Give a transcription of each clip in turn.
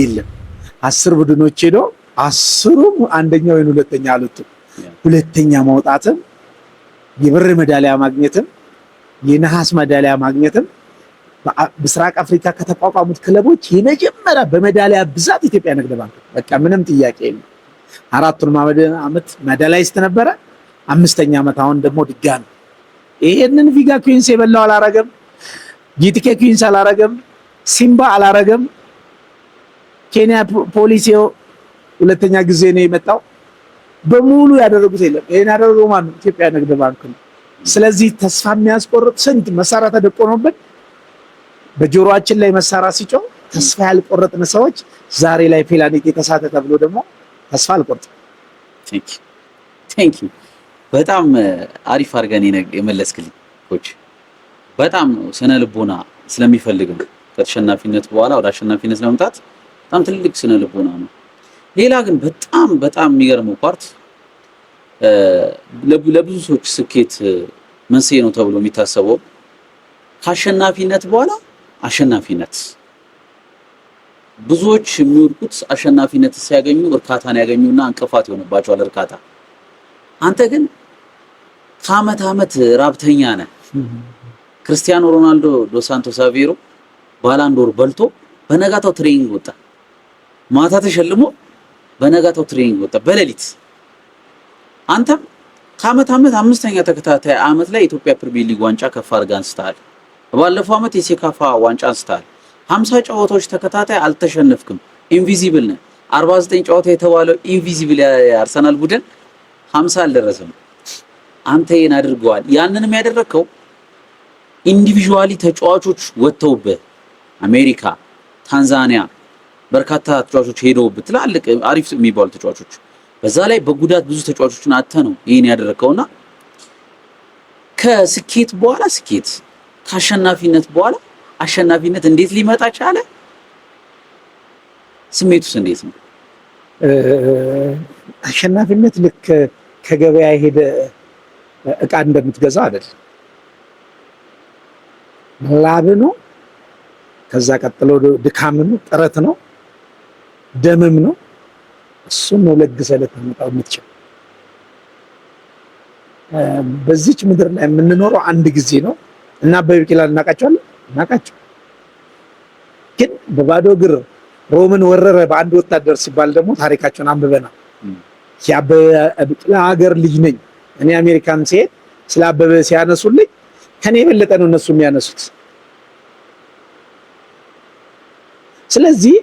የለም። አስር ቡድኖች ሄዶ አስሩም አንደኛ ወይም ሁለተኛ አሉት። ሁለተኛ መውጣትም የብር ሜዳሊያ ማግኘትም የነሐስ ሜዳሊያ ማግኘትም ምስራቅ አፍሪካ ከተቋቋሙት ክለቦች የመጀመሪያ በመዳሊያ ብዛት ኢትዮጵያ ንግድ ባንክ በቃ ምንም ጥያቄ የለም። አራቱን ዓመት ሜዳሊያይስት ነበረ። አምስተኛ ዓመት አሁን ደግሞ ድጋሚ ይሄንን ቪጋ ኩዊንስ የበላው አላረገም። ጂቲኬ ኩዊንስ አላረገም። ሲምባ አላረገም። ኬንያ ፖሊስ ሁለተኛ ጊዜ ነው የመጣው። በሙሉ ያደረጉት የለም። ይሄን ያደረገው ማን ነው? ኢትዮጵያ ንግድ ባንክ ነው። ስለዚህ ተስፋ የሚያስቆርጥ ስንት መሳሪያ ተደቅኖብን በጆሮአችን ላይ መሳሪያ ሲጮህ ተስፋ ያልቆረጥን ሰዎች ዛሬ ላይ ፔላኒክ የተሳተ ተብሎ ደግሞ ተስፋ አልቆርጥም። በጣም አሪፍ አድርገን የመለስክልኝ ኮች። በጣም ነው ስነ ልቦና ስለሚፈልግም ከተሸናፊነት በኋላ ወደ አሸናፊነት ለመምጣት በጣም ትልቅ ስነ ልቦና ነው። ሌላ ግን በጣም በጣም የሚገርመው ፓርት ለብዙ ሰዎች ስኬት መንስኤ ነው ተብሎ የሚታሰበው ከአሸናፊነት በኋላ አሸናፊነት። ብዙዎች የሚወድቁት አሸናፊነት ሲያገኙ እርካታን ያገኙና እንቅፋት ይሆንባቸዋል እርካታ። አንተ ግን ከአመት አመት ራብተኛ ነህ። ክርስቲያኖ ሮናልዶ ዶሳንቶስ አቬሮ ባላንዶር በልቶ በነጋታው ትሬኒንግ ወጣ። ማታ ተሸልሞ በነጋታው ትሬኒንግ ወጣ በሌሊት። አንተም ከአመት አመት አምስተኛ ተከታታይ አመት ላይ የኢትዮጵያ ፕሪሚየር ሊግ ዋንጫ ከፍ አድርገህ አንስተሃል። ባለፈው አመት የሴካፋ ዋንጫ አንስተሃል። 50 ጨዋታዎች ተከታታይ አልተሸነፍክም። ኢንቪዚብል ነህ። 49 ጨዋታ የተባለው ኢንቪዚብል የአርሰናል ቡድን 50 አልደረሰም። አንተ ይሄን አድርገዋል። ያንንም ያደረግከው ኢንዲቪዥዋሊ ተጫዋቾች ወጥተውብህ አሜሪካ፣ ታንዛኒያ በርካታ ተጫዋቾች ሄደው ትላልቅ አሪፍ የሚባሉ ተጫዋቾች በዛ ላይ በጉዳት ብዙ ተጫዋቾችን አተ ነው ይህን ያደረከውና ከስኬት በኋላ ስኬት ከአሸናፊነት በኋላ አሸናፊነት እንዴት ሊመጣ ቻለ? ስሜቱስ እንዴት ነው? አሸናፊነት ልክ ከገበያ ሄደ እቃ እንደምትገዛ አይደል? ላብ ነው። ከዛ ቀጥሎ ድካም ነው፣ ጥረት ነው። ደምም ነው። እሱን ነው ለግሰ ልታመጣው የምትችል። በዚች ምድር ላይ የምንኖረው አንድ ጊዜ ነው እና አበበ ቢቂላን እናውቃቸዋለን፣ እናውቃቸው ግን በባዶ እግር ሮምን ወረረ በአንድ ወታደር ሲባል ደግሞ ታሪካቸውን አንብበናል። የአበበ ቢቂላ ሀገር ልጅ ነኝ እኔ አሜሪካን ሲሄድ ስለ አበበ ሲያነሱልኝ ከኔ የበለጠ ነው እነሱ የሚያነሱት። ስለዚህ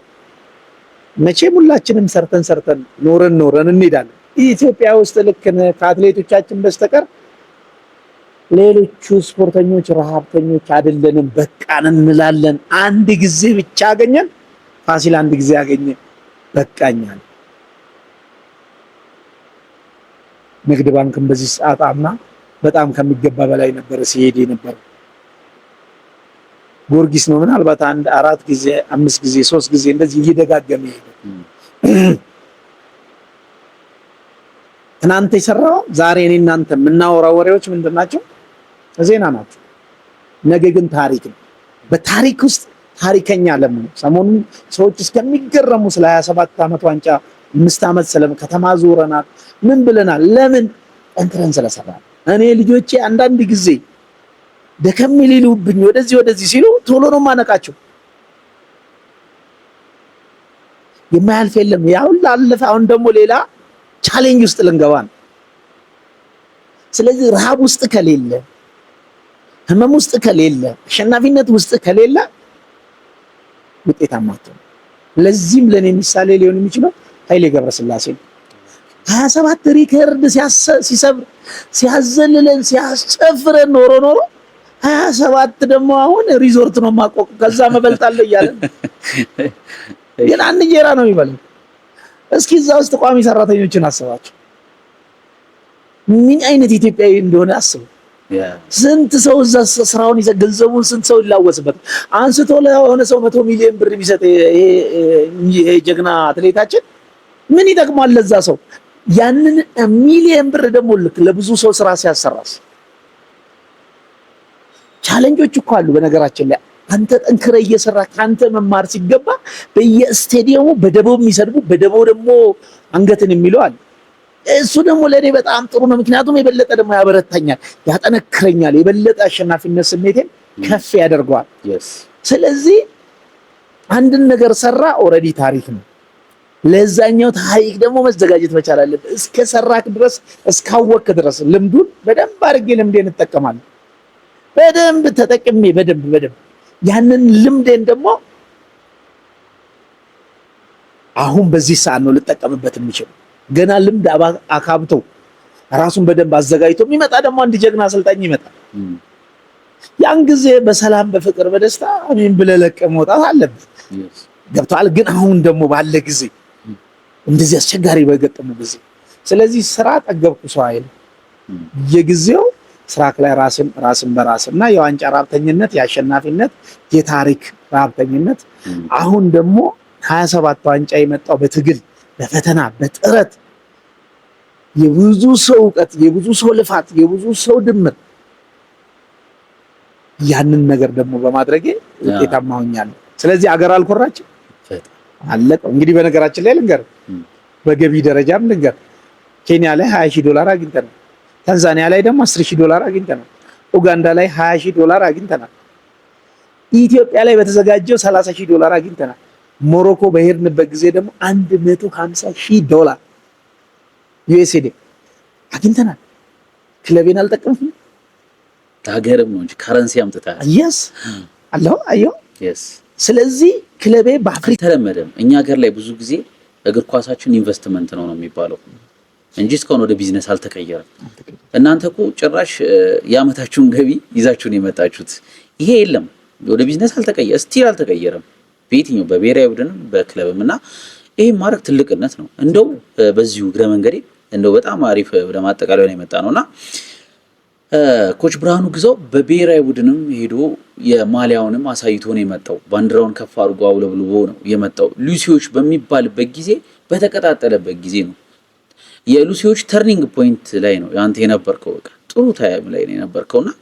መቼም ሁላችንም ሰርተን ሰርተን ኖረን ኖረን እንሄዳለን። ኢትዮጵያ ውስጥ ልክ ከአትሌቶቻችን በስተቀር ሌሎቹ ስፖርተኞች ረሃብተኞች አይደለንም፣ በቃን እንላለን። አንድ ጊዜ ብቻ አገኘን። ፋሲል አንድ ጊዜ አገኘ፣ በቃኛል። ንግድ ባንክም በዚህ ሰዓት አምና በጣም ከሚገባ በላይ ነበረ ሲሄድ ነበር። ጊዮርጊስ ነው። ምናልባት አንድ አራት ጊዜ አምስት ጊዜ ሶስት ጊዜ እንደዚህ እየደጋገመ ይሄ ትናንት የሰራው ዛሬ እኔ እናንተ የምናወራው ወሬዎች ምንድን ናቸው? ዜና ናቸው። ነገ ግን ታሪክ ነው። በታሪክ ውስጥ ታሪከኛ ነው ሰሞኑን ሰዎች እስከሚገረሙ ስለ 27 ዓመት ዋንጫ አምስት ዓመት ስለም ከተማ ዞረናል፣ ምን ብለናል፣ ለምን እንትረን ስለሰራ እኔ ልጆቼ አንዳንድ ጊዜ ደከም ሊሉብኝ ወደዚህ ወደዚህ ሲሉ ቶሎ ነው ማነቃቸው። የማያልፍ የለም። ያው ላለፈ አሁን ደግሞ ሌላ ቻሌንጅ ውስጥ ልንገባ ነው። ስለዚህ ረሃብ ውስጥ ከሌለ፣ ህመም ውስጥ ከሌለ፣ አሸናፊነት ውስጥ ከሌለ ውጤታማ አትሆንም። ለዚህም ለኔ ምሳሌ ሊሆን የሚችለው ኃይሌ ገብረስላሴ ነው። ሀያ ሰባት ሪከርድ ሲሰብር ሲያዘልለን ሲያስጨፍረን ኖሮ ኖሮ ሀያ ሰባት ደግሞ አሁን ሪዞርት ነው ማቆቅ ከዛ መበልጣለ እያለ ግን አንድ እንጀራ ነው የሚበለው። እስኪ እዛ ውስጥ ቋሚ ሰራተኞችን አስባቸው። ምን አይነት ኢትዮጵያዊ እንደሆነ አስቡ። ስንት ሰው እዛ ስራውን ይዘ ገንዘቡን ስንት ሰው ይላወስበት አንስቶ ለሆነ ሰው መቶ ሚሊዮን ብር ቢሰጥ ይሄ ጀግና አትሌታችን ምን ይጠቅማል ለዛ ሰው? ያንን ሚሊዮን ብር ደግሞ ልክ ለብዙ ሰው ስራ ሲያሰራስ ቻለንጆች እኮ አሉ። በነገራችን ላይ አንተ ጠንክረ እየሰራ ከአንተ መማር ሲገባ በየስቴዲየሙ በደቦ የሚሰድቡ በደቦ ደግሞ አንገትን የሚለው አለ። እሱ ደግሞ ለእኔ በጣም ጥሩ ነው። ምክንያቱም የበለጠ ደግሞ ያበረታኛል፣ ያጠነክረኛል፣ የበለጠ አሸናፊነት ስሜቴን ከፍ ያደርገዋል። ስለዚህ አንድን ነገር ሰራ ኦልሬዲ ታሪክ ነው። ለዛኛው ታሪክ ደግሞ መዘጋጀት መቻል አለብህ። እስከ ሰራክ ድረስ እስካወቅክ ድረስ ልምዱን በደንብ አድርጌ ልምዴን እንጠቀማለን። በደንብ ተጠቅሜ በደንብ በደንብ ያንን ልምዴን ደግሞ አሁን በዚህ ሰዓት ነው ልጠቀምበት የምችለው። ገና ልምድ አካብቶ ራሱን በደንብ አዘጋጅቶ የሚመጣ ደግሞ አንድ ጀግና አሰልጣኝ ይመጣል። ያን ጊዜ በሰላም በፍቅር በደስታ አሜን ብለህ ለቀህ መውጣት አለብህ። ገብቶሃል? ግን አሁን ደግሞ ባለ ጊዜ እንደዚህ አስቸጋሪ በገጠመ ጊዜ ስለዚህ ስራ ጠገብኩ ሰው አይልም የጊዜው ስራክ ላይ ራስን ራስን በራስ እና የዋንጫ ራብተኝነት የአሸናፊነት የታሪክ ራብተኝነት አሁን ደግሞ ሀያ ሰባት ዋንጫ የመጣው በትግል በፈተና በጥረት የብዙ ሰው እውቀት የብዙ ሰው ልፋት የብዙ ሰው ድምር ያንን ነገር ደግሞ በማድረጌ ውጤታማ ሆኛለሁ። ስለዚህ አገር አልኮራችም፣ አለቀው። እንግዲህ በነገራችን ላይ ልንገር፣ በገቢ ደረጃም ልንገር፣ ኬንያ ላይ ሀያ ሺህ ዶላር አግኝተናል። ታንዛኒያ ላይ ደግሞ 10 ሺህ ዶላር አግኝተናል። ኡጋንዳ ላይ 20 ሺህ ዶላር አግኝተናል። ኢትዮጵያ ላይ በተዘጋጀው 30 ሺህ ዶላር አግኝተናል። ሞሮኮ በሄድንበት ጊዜ ደግሞ 150 ሺህ ዶላር ዩኤስዲ አግኝተናል። ክለቤን አልጠቀምም። ሀገርም ነው እንጂ ካረንሲ አምጥታል። የስ አለሁ አየሁ። ስለዚህ ክለቤ በአፍሪካ ተለመደም። እኛ ሀገር ላይ ብዙ ጊዜ እግር ኳሳችን ኢንቨስትመንት ነው ነው የሚባለው እንጂ እስካሁን ወደ ቢዝነስ አልተቀየረም። እናንተ እኮ ጭራሽ የአመታችሁን ገቢ ይዛችሁን የመጣችሁት ይሄ የለም፣ ወደ ቢዝነስ አልተቀየ ስቲል አልተቀየረም። በየትኛው በብሔራዊ ቡድንም በክለብም እና ይሄ ማድረግ ትልቅነት ነው። እንደው በዚሁ እግረ መንገዴ እንደው በጣም አሪፍ ወደ ማጠቃለያ ላይ የመጣ ነውና ኮች ብርሃኑ ግዛው በብሔራዊ ቡድንም ሄዶ የማሊያውንም አሳይቶ ነው የመጣው። ባንዲራውን ከፍ አድርጎ አውለብልቦ ነው የመጣው። ሉሲዎች በሚባልበት ጊዜ በተቀጣጠለበት ጊዜ ነው የሉሲዎች ተርኒንግ ፖይንት ላይ ነው ያንተ የነበርከው። በቃ ጥሩ ታይም ላይ ነው እና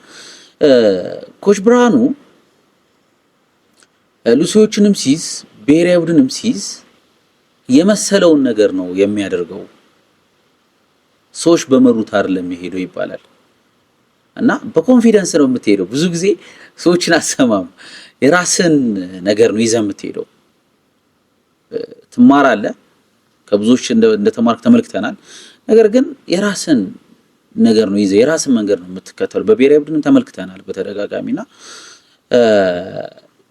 ኮች ብርሃኑ ሉሲዎችንም ሲይዝ ብሔራዊ ቡድንም ሲይዝ የመሰለውን ነገር ነው የሚያደርገው። ሰዎች በመሩት አይደለም የሚሄደው ይባላል እና በኮንፊደንስ ነው የምትሄደው። ብዙ ጊዜ ሰዎችን አሰማም። የራስን ነገር ነው ይዘህ የምትሄደው። ትማራለህ ከብዙዎች እንደተማርክ ተመልክተናል። ነገር ግን የራስን ነገር ነው ይዘህ የራስን መንገድ ነው የምትከተሉ። በብሔራዊ ቡድን ተመልክተናል በተደጋጋሚና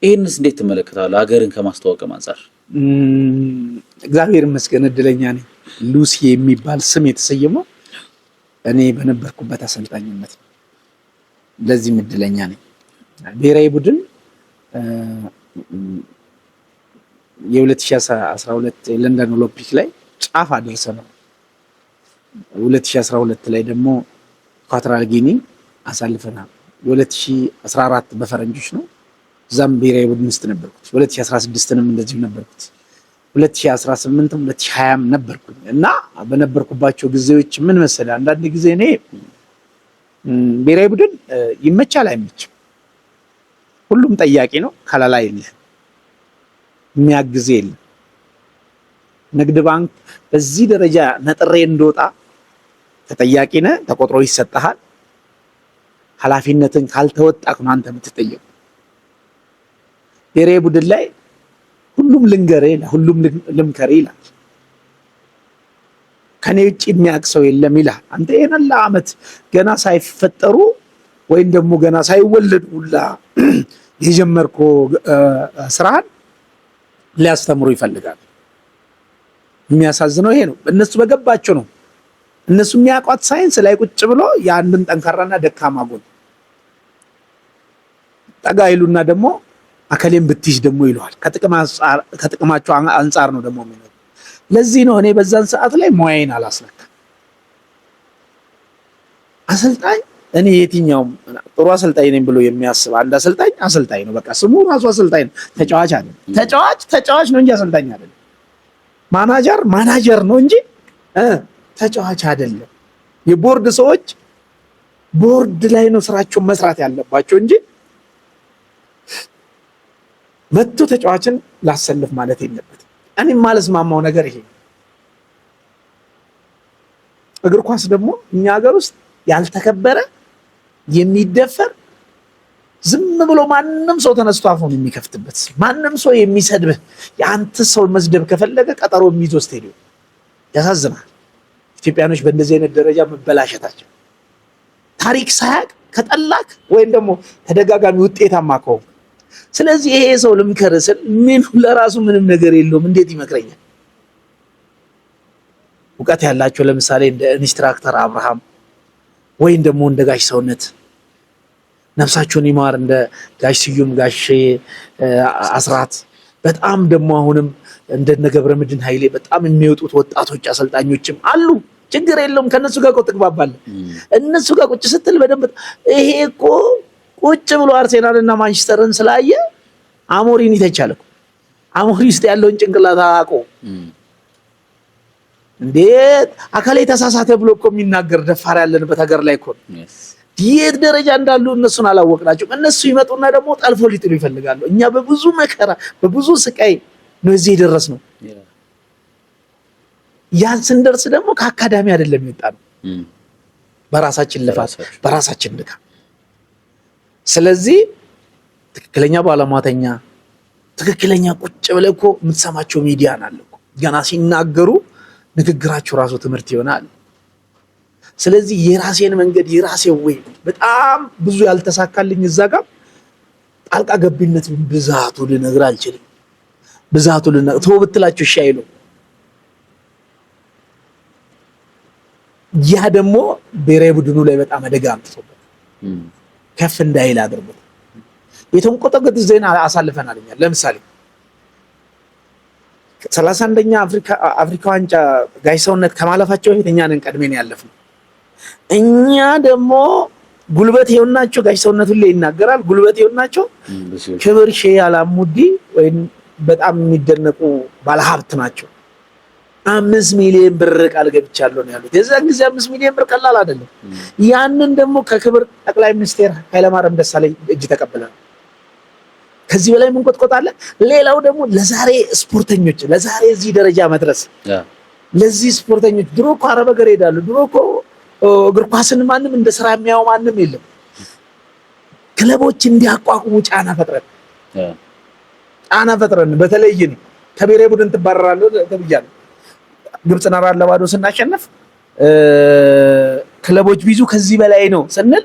ይህንስ እንዴት ትመለከታለህ? ሀገርን ከማስተዋወቅም አንጻር እግዚአብሔር ይመስገን እድለኛ ነኝ። ሉሲ የሚባል ስም የተሰየመው እኔ በነበርኩበት አሰልጣኝነት ነው። ለዚህም እድለኛ ነኝ። ብሔራዊ ቡድን የ2012 ለንደን ኦሎምፒክ ላይ ጫፍ አደርሰናል። 2012 ላይ ደግሞ ኢኳቶሪያል ጊኒ አሳልፈናል። 2014 በፈረንጆች ነው። እዛም ብሔራዊ ቡድን ውስጥ ነበርኩት። 2016ንም እንደዚሁ ነበርኩት። 2018ም 2020ም ነበርኩኝ እና በነበርኩባቸው ጊዜዎች ምን መሰለህ፣ አንዳንድ ጊዜ እኔ ብሔራዊ ቡድን ይመቻል አይመችም ሁሉም ጠያቂ ነው። ከላላ የለህም የሚያግዝ የለም። ንግድ ባንክ በዚህ ደረጃ ነጥሬ እንደወጣ ተጠያቂ ነህ ተቆጥሮ ይሰጠሃል። ኃላፊነትን ካልተወጣክ ነው አንተ የምትጠየቁ። ብሔራዊ ቡድን ላይ ሁሉም ልንገርህ ሁሉም ልምከርህ ይላል። ከኔ ውጭ የሚያውቅ ሰው የለም ይላል። አንተ ይሄን ለዓመት ገና ሳይፈጠሩ ወይም ደግሞ ገና ሳይወለዱ ሁላ የጀመርኮ ስራን ሊያስተምሩ ይፈልጋል። የሚያሳዝነው ይሄ ነው። እነሱ በገባቸው ነው። እነሱ የሚያውቋት ሳይንስ ላይ ቁጭ ብሎ የአንድን ጠንካራና ደካማ ጎን ጠጋ ይሉና ደግሞ አከሌም ብትይሽ ደግሞ ይለዋል። ከጥቅማቸው አንጻር ነው ደግሞ የሚነግሩት። ለዚህ ነው እኔ በዛን ሰዓት ላይ ሙያዬን አላስነካም አሰልጣኝ እኔ የትኛውም ጥሩ አሰልጣኝ ነኝ ብሎ የሚያስብ አንድ አሰልጣኝ አሰልጣኝ ነው። በቃ ስሙ ራሱ አሰልጣኝ ነው። ተጫዋች አለ ተጫዋች ተጫዋች ነው እንጂ አሰልጣኝ አይደለም። ማናጀር ማናጀር ነው እንጂ ተጫዋች አይደለም። የቦርድ ሰዎች ቦርድ ላይ ነው ስራቸውን መስራት ያለባቸው እንጂ መቶ ተጫዋችን ላሰልፍ ማለት የለበትም። እኔም የማልስማማው ነገር ይሄ እግር ኳስ ደግሞ እኛ ሀገር ውስጥ ያልተከበረ የሚደፈር ዝም ብሎ ማንም ሰው ተነስቶ አፉን የሚከፍትበት ማንም ሰው የሚሰድብህ የአንተ ሰው መስደብ ከፈለገ ቀጠሮ የሚይዞ ስቴዲዮ ያሳዝናል። ኢትዮጵያኖች በእንደዚህ አይነት ደረጃ መበላሸታቸው ታሪክ ሳያቅ ከጠላክ ወይም ደግሞ ተደጋጋሚ ውጤታማ ከሆንክ ስለዚህ ይሄ ሰው ልምከር ስል ምን ለራሱ ምንም ነገር የለውም እንዴት ይመክረኛል? እውቀት ያላቸው ለምሳሌ እንደ ኢንስትራክተር አብርሃም ወይም ደግሞ እንደ ጋሽ ሰውነት ነፍሳቸውን ይማር እንደ ጋሽ ስዩም፣ ጋሽ አስራት በጣም ደግሞ አሁንም እንደነ ምድን ኃይሌ በጣም የሚወጡት ወጣቶች አሰልጣኞችም አሉ። ችግር የለውም። ከእነሱ ጋር እኮ ትግባባለህ። እነሱ ጋር ቁጭ ስትል በደንብ ይሄ እኮ ቁጭ ብሎ አርሴናልና ማንቸስተርን ስላየ አሞሪን ይተቻለ አሞሪ ውስጥ ያለውን ጭንቅላት አቆ እንዴት አካል የተሳሳተ ብሎ እኮ የሚናገር ደፋር ያለንበት ሀገር ላይ እኮ የት ደረጃ እንዳሉ እነሱን አላወቅናቸው። እነሱ ይመጡና ደግሞ ጠልፎ ሊጥሉ ይፈልጋሉ። እኛ በብዙ መከራ በብዙ ስቃይ ነው እዚህ የደረስ ነው። ያን ስንደርስ ደግሞ ከአካዳሚ አይደለም የወጣ ነው፣ mm. በራሳችን ልፋት በራሳችን ድካም። ስለዚህ ትክክለኛ ባለሟተኛ ትክክለኛ ቁጭ ብለህ እኮ የምትሰማቸው ሚዲያ ናለ ገና ሲናገሩ ንግግራችሁ ራሱ ትምህርት ይሆናል። ስለዚህ የራሴን መንገድ የራሴ ወይ በጣም ብዙ ያልተሳካልኝ እዛ ጋር ጣልቃ ገቢነት ብዛቱ ልነግር አልችልም። ብዛቱ ልነግር ተው ብትላችሁ እሺ አይሉም። ያ ደግሞ ብሔራዊ ቡድኑ ላይ በጣም አደጋ አምጥቶበት ከፍ እንዳይል አድርጎት የተንቆጠቆጠ ዜና አሳልፈናል እኛ ለምሳሌ ሰላሳ አንደኛ አፍሪካ ዋንጫ ጋሽ ሰውነት ከማለፋቸው በፊት እኛ ነን ቀድሜን ያለፍነው። እኛ ደግሞ ጉልበት የሆናቸው ጋሽ ሰውነት ሁሌ ይናገራል። ጉልበት የሆናቸው ክብር ሼ አላሙዲ ወይም በጣም የሚደነቁ ባለሀብት ናቸው። አምስት ሚሊዮን ብር ቃል ገብቻለሁ ነው ያሉት። የዛን ጊዜ አምስት ሚሊዮን ብር ቀላል አይደለም። ያንን ደግሞ ከክብር ጠቅላይ ሚኒስቴር ኃይለማርያም ደሳለኝ እጅ ተቀብለናል። ከዚህ በላይ መንቆጥቆጥ አለ። ሌላው ደግሞ ለዛሬ ስፖርተኞች ለዛሬ እዚህ ደረጃ መድረስ ለዚህ ስፖርተኞች ድሮ እኮ አረብ ሀገር ይሄዳሉ። ድሮ እኮ እግር ኳስን ማንም እንደ ስራ የሚያው ማንም የለም። ክለቦች እንዲያቋቁሙ ጫና ፈጥረን ጫና ፈጥረን በተለይን ከብሔራዊ ቡድን ትባረራለህ ተብያለሁ። ግብፅን አራት ለባዶ ስናሸንፍ ክለቦች ቢዙ ከዚህ በላይ ነው ስንል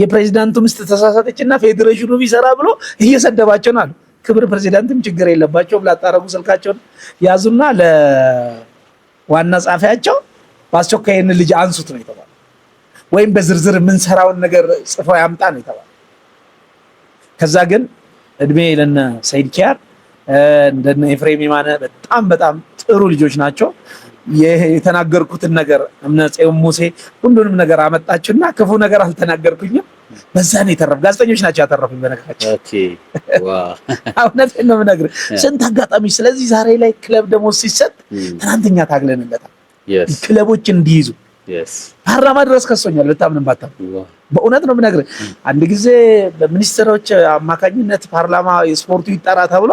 የፕሬዚዳንቱ ሚስት ተሳሳተች እና ፌዴሬሽኑ ቢሰራ ብሎ እየሰደባቸው ነው አሉ። ክብር ፕሬዚዳንትም ችግር የለባቸውም። ላጣረጉ ስልካቸውን ያዙና ለዋና ጻፊያቸው በአስቸኳይ ይህን ልጅ አንሱት ነው የተባለ፣ ወይም በዝርዝር የምንሰራውን ነገር ጽፎ ያምጣ ነው የተባለ። ከዛ ግን እድሜ ለነ ሰይድ ኪያር እንደነ ኤፍሬም የማነ በጣም በጣም ጥሩ ልጆች ናቸው። የተናገርኩትን ነገር እምነጼው ሙሴ ሁሉንም ነገር አመጣችሁና ክፉ ነገር አልተናገርኩኝም። በዛ ነው የተረፍ ጋዜጠኞች ናቸው ያተረፉኝ። በነገራችን እውነት ነው የምነግርህ፣ ስንት አጋጣሚ። ስለዚህ ዛሬ ላይ ክለብ ደግሞ ሲሰጥ ትናንትኛ ታግለንለታል ክለቦች እንዲይዙ ፓርላማ ድረስ ከሶኛል። በጣም ባታም በእውነት ነው የምነግርህ። አንድ ጊዜ በሚኒስትሮች አማካኝነት ፓርላማ የስፖርቱ ይጠራ ተብሎ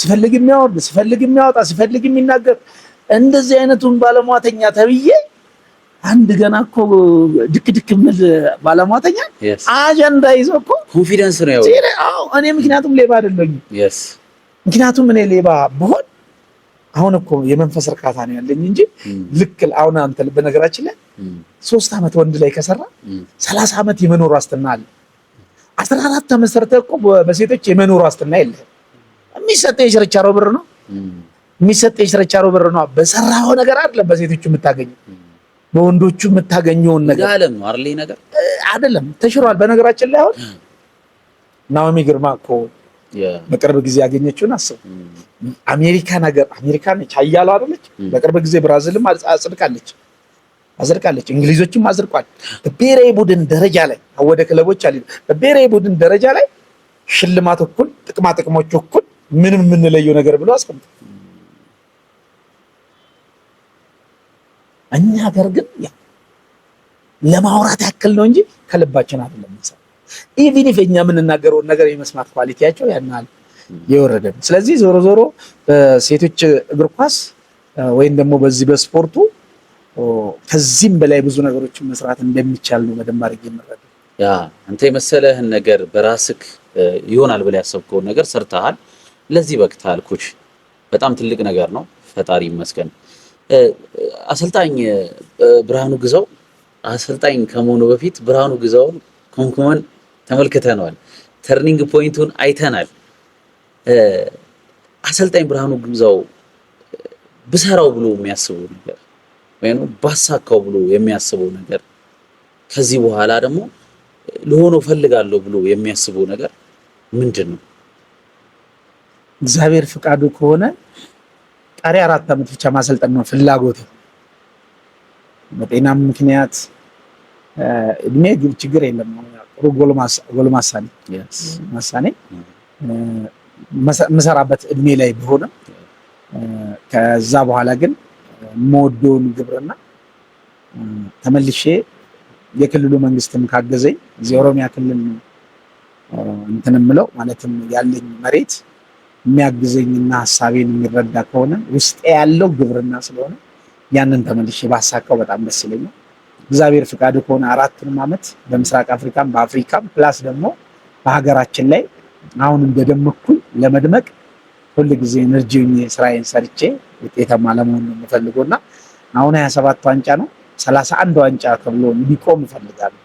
ሲፈልግ የሚያወርድ ሲፈልግ የሚያወጣ ሲፈልግ የሚናገር እንደዚህ አይነቱን ባለሟተኛ ተብዬ አንድ ገና እኮ ድክ ድክ ምል ባለሟተኛ አጀንዳ ይዞ እኮ ኮንፊደንስ ነው ያው። አዎ እኔ ምክንያቱም ሌባ አይደለሁም። ምክንያቱም እኔ ሌባ ብሆን አሁን እኮ የመንፈስ እርካታ ነው ያለኝ እንጂ mm. ልክ አሁን አንተ በነገራችን ላይ mm. ሶስት ዓመት ወንድ ላይ ከሰራ mm. ሰላሳ ዓመት የመኖር ዋስትና አለ። አስራ አራት ተመሰርተ እኮ በሴቶች የመኖር ዋስትና የለህም። የሚሰጠ የችርቻሮ ብር ነው የሚሰጠኝ ስርቻሮ ብር ነው። በሰራው ነገር አይደለም በሴቶቹ የምታገኘው በወንዶቹ የምታገኘውን ነገር ያለም ነው አይደል? ነገር አይደለም ተሽሯል። በነገራችን ላይ አሁን ናኦሚ ግርማ እኮ በቅርብ ጊዜ ያገኘችውን አስብ። አሜሪካ ነገር አሜሪካ ነች ሀያሏ አይደለች? በቅርብ ጊዜ ብራዚልም አጽድቃለች አዝርቃለች እንግሊዞችም አዝርቋል። በብሔራዊ ቡድን ደረጃ ላይ ወደ ክለቦች አለ በብሔራዊ ቡድን ደረጃ ላይ ሽልማት እኩል ጥቅማ ጥቅሞች እኩል ምንም የምንለየው ነገር ብሎ አስቀምጧል። እኛ ሀገር ግን ለማውራት ያክል ነው እንጂ ከልባችን አይደለም የሚሰማው። ኢቪን ኢፍ እኛ የምንናገረውን ነገር የመስማት ኳሊቲያቸው ያናል የወረደ ነው። ስለዚህ ዞሮ ዞሮ በሴቶች እግር ኳስ ወይም ደግሞ በዚህ በስፖርቱ ከዚህም በላይ ብዙ ነገሮችን መስራት እንደሚቻል ነው መደማር አድርጌ ያ አንተ የመሰለህን ነገር በራስክ ይሆናል ብለህ ያሰብከውን ነገር ሰርተሃል፣ ለዚህ በቅተሃል። ኮች በጣም ትልቅ ነገር ነው። ፈጣሪ ይመስገን። አሰልጣኝ ብርሃኑ ግዛው አሰልጣኝ ከመሆኑ በፊት ብርሃኑ ግዛውን ኮምኩመን ተመልክተነዋል። ተርኒንግ ፖይንቱን አይተናል። አሰልጣኝ ብርሃኑ ግዛው ብሰራው ብሎ የሚያስበው ነገር ወይም ባሳካው ብሎ የሚያስበው ነገር ከዚህ በኋላ ደግሞ ለሆነው ፈልጋለሁ ብሎ የሚያስበው ነገር ምንድን ነው? እግዚአብሔር ፍቃዱ ከሆነ ቀሪ አራት ዓመት ብቻ ማሰልጠን ነው ፍላጎት በጤናም ምክንያት እድሜ ችግር የለም። ጥሩ ጎልማሳ ማሳኔ የምሰራበት እድሜ ላይ ቢሆንም ከዛ በኋላ ግን የምወደውን ግብርና ተመልሼ የክልሉ መንግስትም ካገዘኝ እዚህ ኦሮሚያ ክልል ነው እንትን የምለው ማለትም ያለኝ መሬት የሚያግዘኝና ሀሳቤን የሚረዳ ከሆነ ውስጤ ያለው ግብርና ስለሆነ ያንን ተመልሼ ባሳካው በጣም ደስ ይለኛል። እግዚአብሔር ፍቃድ ከሆነ አራቱንም ዓመት በምስራቅ አፍሪካም በአፍሪካም ፕላስ ደግሞ በሀገራችን ላይ አሁን እንደደመኩኝ ለመድመቅ ሁል ጊዜ ኤነርጂ ስራዬን ሰርቼ ውጤታማ ለመሆን ነው የምፈልገውና አሁን ሀያ ሰባት ዋንጫ ነው ሰላሳ አንድ ዋንጫ ተብሎ እንዲቆም እፈልጋለሁ።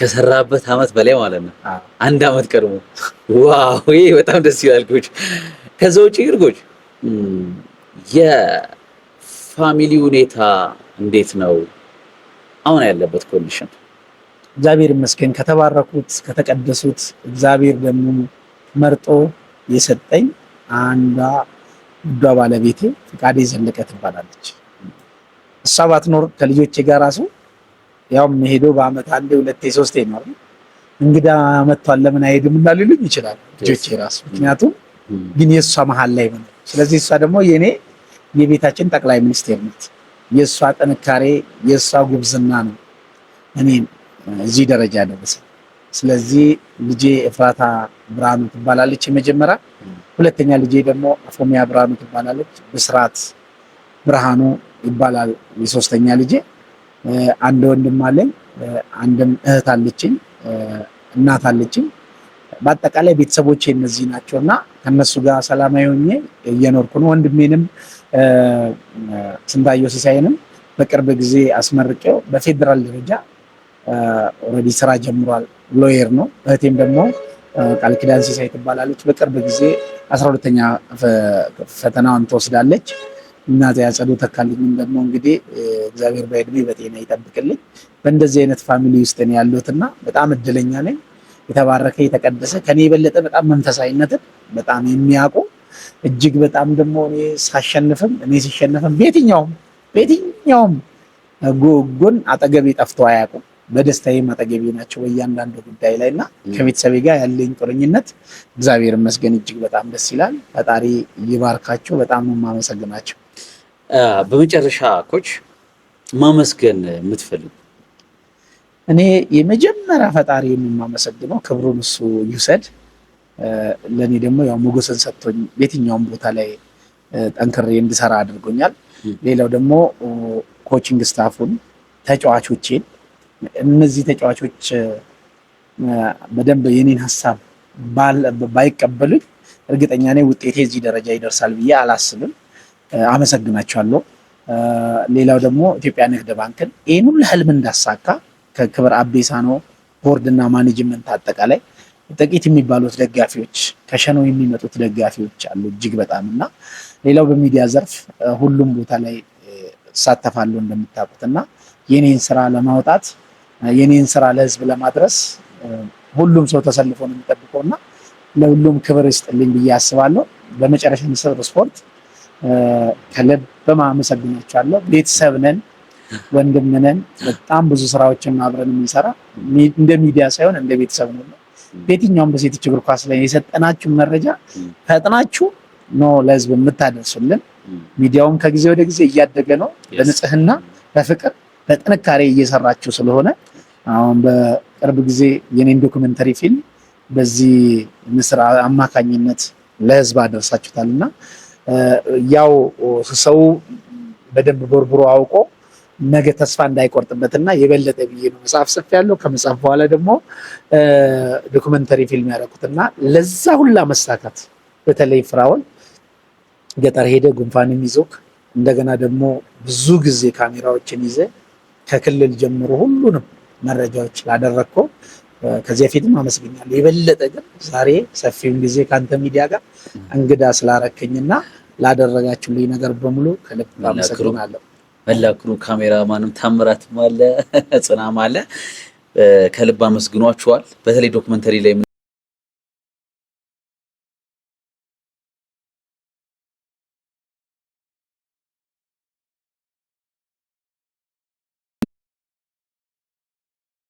ከሰራበት አመት በላይ ማለት ነው። አንድ አመት ቀድሞ ዋው! ይሄ በጣም ደስ ይላል። ጎች ከዛ ውጭ የፋሚሊ ሁኔታ እንዴት ነው አሁን ያለበት ኮንዲሽን? እግዚአብሔር ይመስገን ከተባረኩት ከተቀደሱት እግዚአብሔር ደግሞ መርጦ የሰጠኝ አንዷ ጉዷ ባለቤቴ ፍቃዴ ዘለቀ ትባላለች። እሷ ባትኖር ከልጆቼ ጋር ራሱ ያው ሄደው በአመት አንዴ ሁለቴ ሶስቴ ነው። እንግዳ መጥቷል ለምን አይሄድም እና ሊሉኝ ይችላል ልጆቼ ራሱ። ምክንያቱም ግን የእሷ መሀል ላይ ነው። ስለዚህ እሷ ደግሞ የእኔ የቤታችን ጠቅላይ ሚኒስቴር ናት። የእሷ ጥንካሬ የእሷ ጉብዝና ነው እኔ እዚህ ደረጃ ደረሰ። ስለዚህ ልጄ እፍራታ ብርሃኑ ትባላለች የመጀመሪያ፣ ሁለተኛ ልጄ ደግሞ አፎሚያ ብርሃኑ ትባላለች። ብስራት ብርሃኑ ይባላል የሶስተኛ ልጄ። አንድ ወንድም አለኝ፣ አንድም እህት አለችኝ፣ እናት አለችኝ። በአጠቃላይ ቤተሰቦቼ እነዚህ ናቸው እና ከእነሱ ጋር ሰላማዊ ሆኜ እየኖርኩ ነው። ወንድሜንም ስንታየው ሲሳይንም በቅርብ ጊዜ አስመርቄው በፌዴራል ደረጃ ኦልሬዲ ስራ ጀምሯል። ሎየር ነው። እህቴም ደግሞ ቃል ኪዳን ሲሳይ ትባላለች። በቅርብ ጊዜ አስራ ሁለተኛ ፈተናዋን ትወስዳለች። እና ያጸዱ ተካልኝም ደግሞ እንግዲህ እግዚአብሔር በእድሜ በጤና ይጠብቅልኝ። በእንደዚህ አይነት ፋሚሊ ውስጥ ነው ያለሁት እና በጣም እድለኛ ነኝ። የተባረከ የተቀደሰ ከኔ የበለጠ በጣም መንፈሳዊነትን በጣም የሚያውቁ እጅግ በጣም ደግሞ እኔ ሳሸንፍም እኔ ሲሸንፍም በየትኛውም በየትኛውም ጎን አጠገቤ ጠፍቶ አያውቁም። በደስታዬም አጠገቤ ናቸው በእያንዳንዱ ጉዳይ ላይ እና ከቤተሰቤ ጋር ያለኝ ቁርኝነት እግዚአብሔር ይመስገን እጅግ በጣም ደስ ይላል። ፈጣሪ ይባርካቸው። በጣም ነው የማመሰግናቸው። በመጨረሻ ኮች ማመስገን የምትፈልጉ? እኔ የመጀመሪያ ፈጣሪ የማመሰግነው ክብሩን እሱ ይውሰድ። ለእኔ ደግሞ ያው ሞገስን ሰጥቶኝ በየትኛውም ቦታ ላይ ጠንክሬ እንድሰራ አድርጎኛል። ሌላው ደግሞ ኮችንግ ስታፉን፣ ተጫዋቾቼን እነዚህ ተጫዋቾች በደንብ የኔን ሀሳብ ባይቀበሉኝ እርግጠኛ ነኝ ውጤቴ እዚህ ደረጃ ይደርሳል ብዬ አላስብም። አመሰግናቸዋለሁ። ሌላው ደግሞ ኢትዮጵያ ንግድ ባንክን ይህን ሁሉ ህልም እንዳሳካ ከክብር አቤሳኖ ቦርድና ማኔጅመንት አጠቃላይ ጥቂት የሚባሉት ደጋፊዎች ከሸኖ የሚመጡት ደጋፊዎች አሉ እጅግ በጣም እና ሌላው በሚዲያ ዘርፍ ሁሉም ቦታ ላይ እሳተፋለሁ እንደምታውቁት እና የኔን ስራ ለማውጣት የኔን ስራ ለህዝብ ለማድረስ ሁሉም ሰው ተሰልፎ ነው የሚጠብቀው እና ለሁሉም ክብር ይስጥልኝ ብዬ አስባለሁ። በመጨረሻ ስፖርት ከልብ በማመሰግናቸዋለሁ። ቤተሰብ ነን፣ ወንድም ነን። በጣም ብዙ ስራዎችን አብረን የምንሰራ እንደ ሚዲያ ሳይሆን እንደ ቤተሰብ ነው። በየትኛውም በሴቶች እግር ኳስ ላይ የሰጠናችሁ መረጃ ፈጥናችሁ ኖ ለህዝብ የምታደርሱልን ሚዲያውም ከጊዜ ወደ ጊዜ እያደገ ነው። በንጽህና በፍቅር በጥንካሬ እየሰራችሁ ስለሆነ አሁን በቅርብ ጊዜ የኔን ዶክመንተሪ ፊልም በዚህ ምስር አማካኝነት ለህዝብ አደርሳችሁታል እና ያው ሰው በደንብ ቦርቡሮ አውቆ ነገ ተስፋ እንዳይቆርጥበትና የበለጠ ብዬ ነው መጽሐፍ ያለው። ከመጽሐፍ በኋላ ደግሞ ዶክመንተሪ ፊልም ያደረኩትና ለዛ ሁላ መሳካት በተለይ ፍራውን ገጠር ሄደ ጉንፋንም ይዞክ እንደገና ደግሞ ብዙ ጊዜ ካሜራዎችን ይዘ ከክልል ጀምሮ ሁሉንም መረጃዎች ላደረግከው ከዚያ ፊትም አመስግኛለሁ። የበለጠ ግን ዛሬ ሰፊውን ጊዜ ከአንተ ሚዲያ ጋር እንግዳ ስላረከኝና ላደረጋችሁልኝ ነገር በሙሉ ከልብ አመሰግናለሁ። መላክሩ ካሜራማንም ታምራትም አለ ጽናም አለ ከልብ አመስግኗችኋል። በተለይ ዶክመንተሪ ላይ